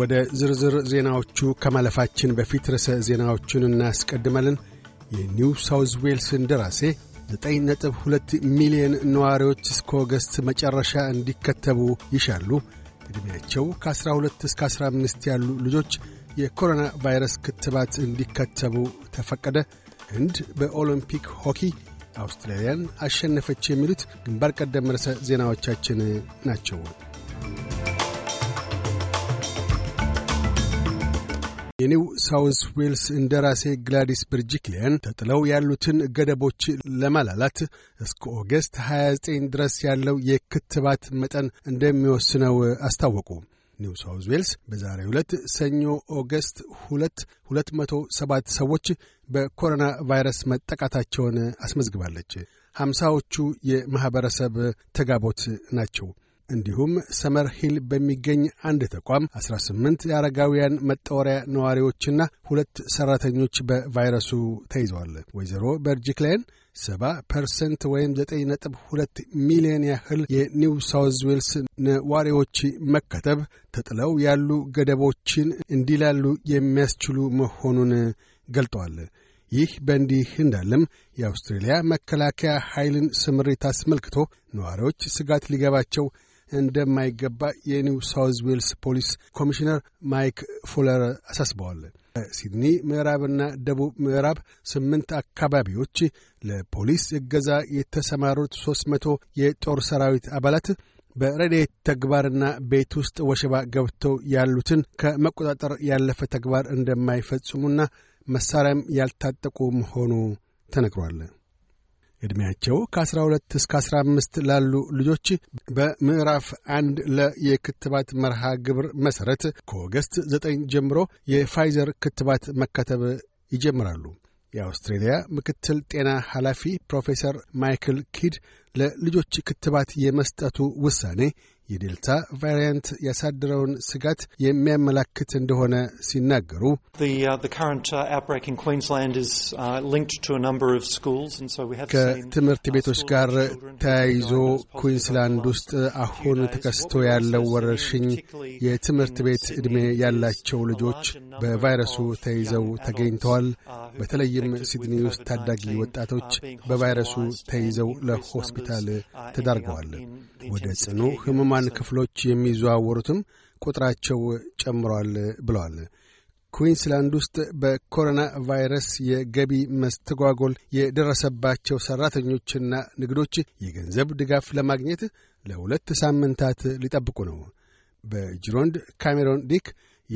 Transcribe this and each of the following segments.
ወደ ዝርዝር ዜናዎቹ ከማለፋችን በፊት ርዕሰ ዜናዎቹን እናስቀድማለን። የኒው ሳውዝ ዌልስን ደራሴ 9.2 ሚሊዮን ነዋሪዎች እስከ ኦገስት መጨረሻ እንዲከተቡ ይሻሉ። ዕድሜያቸው ከ12 እስከ 15 ያሉ ልጆች የኮሮና ቫይረስ ክትባት እንዲከተቡ ተፈቀደ። ህንድ በኦሎምፒክ ሆኪ አውስትራሊያን አሸነፈች። የሚሉት ግንባር ቀደም ርዕሰ ዜናዎቻችን ናቸው። የኒው ሳውንስ ዌልስ እንደራሴ ግላዲስ ብርጅክሊያን ተጥለው ያሉትን ገደቦች ለማላላት እስከ ኦገስት 29 ድረስ ያለው የክትባት መጠን እንደሚወስነው አስታወቁ። ኒው ሳውዝ ዌልስ በዛሬ ሁለት ሰኞ ኦገስት 2 207 ሰዎች በኮሮና ቫይረስ መጠቃታቸውን አስመዝግባለች። ሀምሳዎቹ የማኅበረሰብ ተጋቦት ናቸው። እንዲሁም ሰመር ሂል በሚገኝ አንድ ተቋም 18 የአረጋውያን መጣወሪያ ነዋሪዎችና ሁለት ሰራተኞች በቫይረሱ ተይዘዋል። ወይዘሮ በርጂክ 7% 70 ፐርሰንት ወይም 9.2 ሚሊዮን ያህል የኒው ሳውዝ ዌልስ ነዋሪዎች መከተብ ተጥለው ያሉ ገደቦችን እንዲላሉ የሚያስችሉ መሆኑን ገልጠዋል። ይህ በእንዲህ እንዳለም የአውስትሬልያ መከላከያ ኃይልን ስምሪት አስመልክቶ ነዋሪዎች ስጋት ሊገባቸው እንደማይገባ የኒው ሳውዝ ዌልስ ፖሊስ ኮሚሽነር ማይክ ፉለር አሳስበዋል። ሲድኒ ምዕራብና ደቡብ ምዕራብ ስምንት አካባቢዎች ለፖሊስ እገዛ የተሰማሩት ሦስት መቶ የጦር ሰራዊት አባላት በረዴት ተግባርና ቤት ውስጥ ወሸባ ገብተው ያሉትን ከመቆጣጠር ያለፈ ተግባር እንደማይፈጽሙና መሳሪያም ያልታጠቁ መሆኑ ተነግሯል። ዕድሜያቸው ከ12 እስከ 15 ላሉ ልጆች በምዕራፍ አንድ ለየክትባት መርሃ ግብር መሠረት ከኦገስት 9 ጀምሮ የፋይዘር ክትባት መከተብ ይጀምራሉ። የአውስትሬልያ ምክትል ጤና ኃላፊ ፕሮፌሰር ማይክል ኪድ ለልጆች ክትባት የመስጠቱ ውሳኔ የዴልታ ቫሪያንት ያሳደረውን ስጋት የሚያመላክት እንደሆነ ሲናገሩ ከትምህርት ቤቶች ጋር ተያይዞ ኩዊንስላንድ ውስጥ uh, አሁን ተከስቶ ያለው ወረርሽኝ የትምህርት ቤት ዕድሜ ያላቸው ልጆች በቫይረሱ ተይዘው ተገኝተዋል። uh, በተለይም ሲድኒ ውስጥ uh, ታዳጊ ወጣቶች በቫይረሱ ተይዘው ለሆስፒታል ተዳርገዋል። ወደ ጽኑ ህሙማ ኦማን ክፍሎች የሚዘዋወሩትም ቁጥራቸው ጨምሯል ብለዋል። ኩዊንስላንድ ውስጥ በኮሮና ቫይረስ የገቢ መስተጓጎል የደረሰባቸው ሠራተኞችና ንግዶች የገንዘብ ድጋፍ ለማግኘት ለሁለት ሳምንታት ሊጠብቁ ነው። በጅሮንድ ካሜሮን ዲክ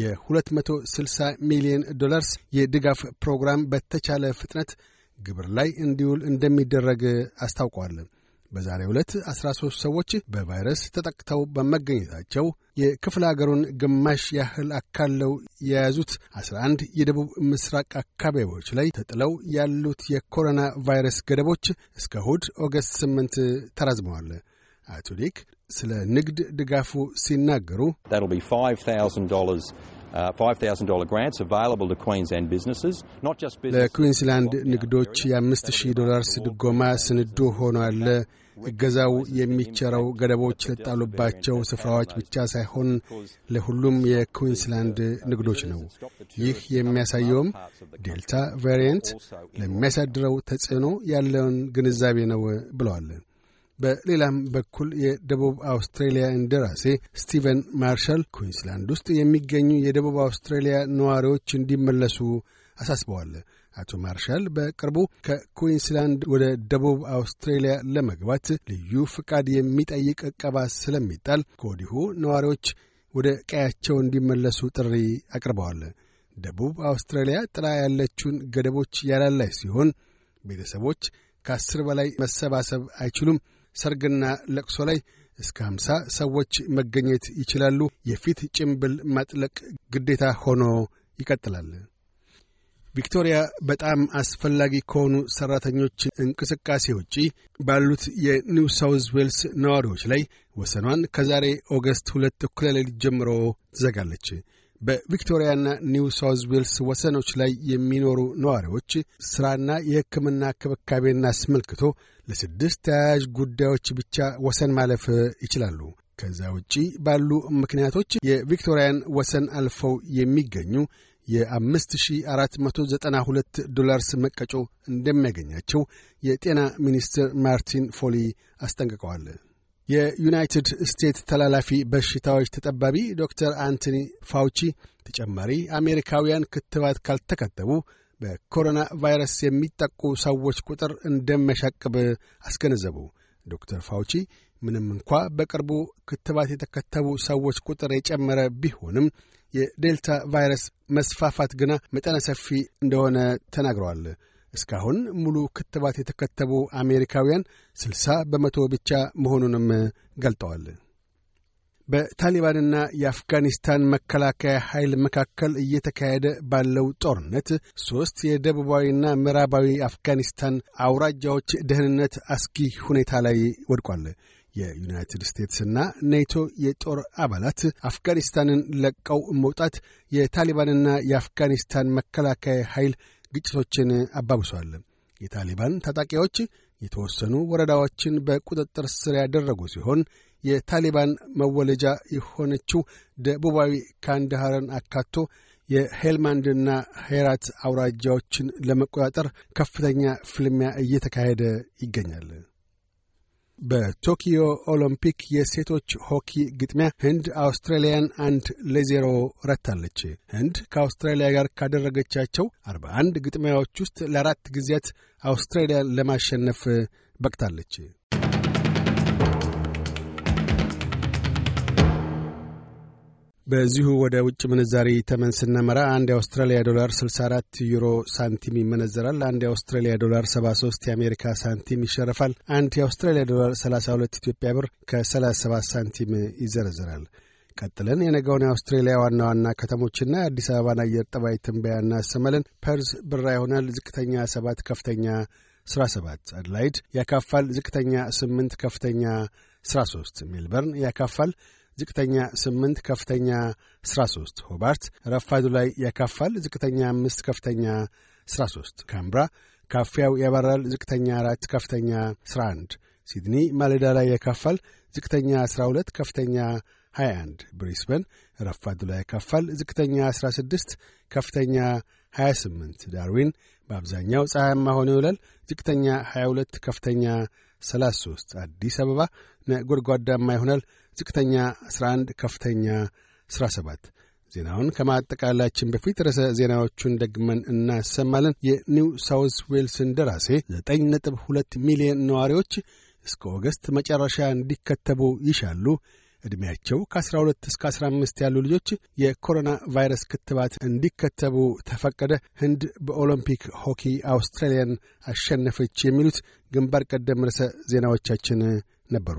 የ260 ሚሊዮን ዶላርስ የድጋፍ ፕሮግራም በተቻለ ፍጥነት ግብር ላይ እንዲውል እንደሚደረግ አስታውቀዋል። በዛሬው ዕለት 13 ሰዎች በቫይረስ ተጠቅተው በመገኘታቸው የክፍለ አገሩን ግማሽ ያህል አካለው የያዙት 11 የደቡብ ምስራቅ አካባቢዎች ላይ ተጥለው ያሉት የኮሮና ቫይረስ ገደቦች እስከ እሁድ ኦገስት 8 ተራዝመዋል። አቶ ዲክ ስለ ንግድ ድጋፉ ሲናገሩ Uh, ለኩዊንስላንድ ንግዶች የ ሺህ ዶላርስ ድጎማ ስንዱ ሆኗል። እገዛው የሚቸረው ገደቦች ለጣሉባቸው ስፍራዎች ብቻ ሳይሆን ለሁሉም የኩዊንስላንድ ንግዶች ነው። ይህ የሚያሳየውም ዴልታ ቫሪየንት ለሚያሳድረው ተጽዕኖ ያለውን ግንዛቤ ነው ብለዋል። በሌላም በኩል የደቡብ አውስትሬሊያ እንደራሴ ስቲቨን ማርሻል ኩዊንስላንድ ውስጥ የሚገኙ የደቡብ አውስትሬሊያ ነዋሪዎች እንዲመለሱ አሳስበዋል። አቶ ማርሻል በቅርቡ ከኩዊንስላንድ ወደ ደቡብ አውስትሬሊያ ለመግባት ልዩ ፍቃድ የሚጠይቅ እቀባ ስለሚጣል ከወዲሁ ነዋሪዎች ወደ ቀያቸው እንዲመለሱ ጥሪ አቅርበዋል። ደቡብ አውስትራሊያ ጥላ ያለችውን ገደቦች ያላላይ ሲሆን ቤተሰቦች ከአስር በላይ መሰባሰብ አይችሉም። ሰርግና ለቅሶ ላይ እስከ ሃምሳ ሰዎች መገኘት ይችላሉ። የፊት ጭምብል ማጥለቅ ግዴታ ሆኖ ይቀጥላል። ቪክቶሪያ በጣም አስፈላጊ ከሆኑ ሠራተኞች እንቅስቃሴ ውጪ ባሉት የኒው ሳውዝ ዌልስ ነዋሪዎች ላይ ወሰኗን ከዛሬ ኦገስት ሁለት እኩለ ሌሊት ጀምሮ ትዘጋለች። በቪክቶሪያና ኒው ሳውዝ ዌልስ ወሰኖች ላይ የሚኖሩ ነዋሪዎች ሥራና የሕክምና ክብካቤን አስመልክቶ ለስድስት ተያያዥ ጉዳዮች ብቻ ወሰን ማለፍ ይችላሉ። ከዛ ውጪ ባሉ ምክንያቶች የቪክቶሪያን ወሰን አልፈው የሚገኙ የ5492 ዶላርስ መቀጮ እንደሚያገኛቸው የጤና ሚኒስትር ማርቲን ፎሊ አስጠንቅቀዋል። የዩናይትድ ስቴትስ ተላላፊ በሽታዎች ተጠባቢ ዶክተር አንቶኒ ፋውቺ ተጨማሪ አሜሪካውያን ክትባት ካልተከተቡ በኮሮና ቫይረስ የሚጠቁ ሰዎች ቁጥር እንደመሻቅብ አስገነዘቡ። ዶክተር ፋውቺ ምንም እንኳ በቅርቡ ክትባት የተከተቡ ሰዎች ቁጥር የጨመረ ቢሆንም የዴልታ ቫይረስ መስፋፋት ግና መጠነ ሰፊ እንደሆነ ተናግረዋል። እስካሁን ሙሉ ክትባት የተከተቡ አሜሪካውያን 60 በመቶ ብቻ መሆኑንም ገልጠዋል። በታሊባንና የአፍጋኒስታን መከላከያ ኃይል መካከል እየተካሄደ ባለው ጦርነት ሦስት የደቡባዊና ምዕራባዊ አፍጋኒስታን አውራጃዎች ደህንነት አስጊ ሁኔታ ላይ ወድቋል። የዩናይትድ ስቴትስና ኔቶ የጦር አባላት አፍጋኒስታንን ለቀው መውጣት የታሊባንና የአፍጋኒስታን መከላከያ ኃይል ግጭቶችን አባብሷል። የታሊባን ታጣቂዎች የተወሰኑ ወረዳዎችን በቁጥጥር ስር ያደረጉ ሲሆን የታሊባን መወለጃ የሆነችው ደቡባዊ ካንዳሃርን አካቶ የሄልማንድና ሄራት አውራጃዎችን ለመቆጣጠር ከፍተኛ ፍልሚያ እየተካሄደ ይገኛል። በቶኪዮ ኦሎምፒክ የሴቶች ሆኪ ግጥሚያ ህንድ አውስትራሊያን አንድ ለዜሮ ረታለች። ህንድ ከአውስትራሊያ ጋር ካደረገቻቸው 41 ግጥሚያዎች ውስጥ ለአራት ጊዜያት አውስትራሊያን ለማሸነፍ በቅታለች። በዚሁ ወደ ውጭ ምንዛሪ ተመን ስነመራ አንድ የአውስትራሊያ ዶላር 64 ዩሮ ሳንቲም ይመነዘራል። አንድ የአውስትራሊያ ዶላር 73 የአሜሪካ ሳንቲም ይሸረፋል። አንድ የአውስትራሊያ ዶላር 32 ኢትዮጵያ ብር ከ37 ሳንቲም ይዘረዝራል። ቀጥለን የነገውን የአውስትሬሊያ ዋና ዋና ከተሞችና የአዲስ አበባን አየር ጠባይ ትንበያ እናሰማለን። ፐርዝ ብራ ይሆናል። ዝቅተኛ 7 ከፍተኛ 7 አድላይድ ያካፋል። ዝቅተኛ 8 ከፍተኛ 3 ሜልበርን ያካፋል ዝቅተኛ 8 ከፍተኛ 3 ሆባርት ረፋዱ ላይ ያካፋል ዝቅተኛ 5 ከፍተኛ 3 ካምብራ ካፊያው ያበራል ዝቅተኛ 4 ከፍተኛ 11 ሲድኒ ማሌዳ ላይ ያካፋል ዝቅተኛ 12 ከፍተኛ 21 ብሪስበን ረፋዱ ላይ ያካፋል ዝቅተኛ 16 ከፍተኛ 28 ዳርዊን በአብዛኛው ፀሐያማ ሆኖ ይውላል ዝቅተኛ 22 ከፍተኛ 33 አዲስ አበባ ነጎድጓዳማ ይሆናል ዝቅተኛ 11፣ ከፍተኛ 17። ዜናውን ከማጠቃላችን በፊት ርዕሰ ዜናዎቹን ደግመን እናሰማለን። የኒው ሳውዝ ዌልስን ደራሴ 9.2 ሚሊዮን ነዋሪዎች እስከ ኦገስት መጨረሻ እንዲከተቡ ይሻሉ። ዕድሜያቸው ከ12 እስከ 15 ያሉ ልጆች የኮሮና ቫይረስ ክትባት እንዲከተቡ ተፈቀደ። ህንድ በኦሎምፒክ ሆኪ አውስትራሊያን አሸነፈች። የሚሉት ግንባር ቀደም ርዕሰ ዜናዎቻችን ነበሩ።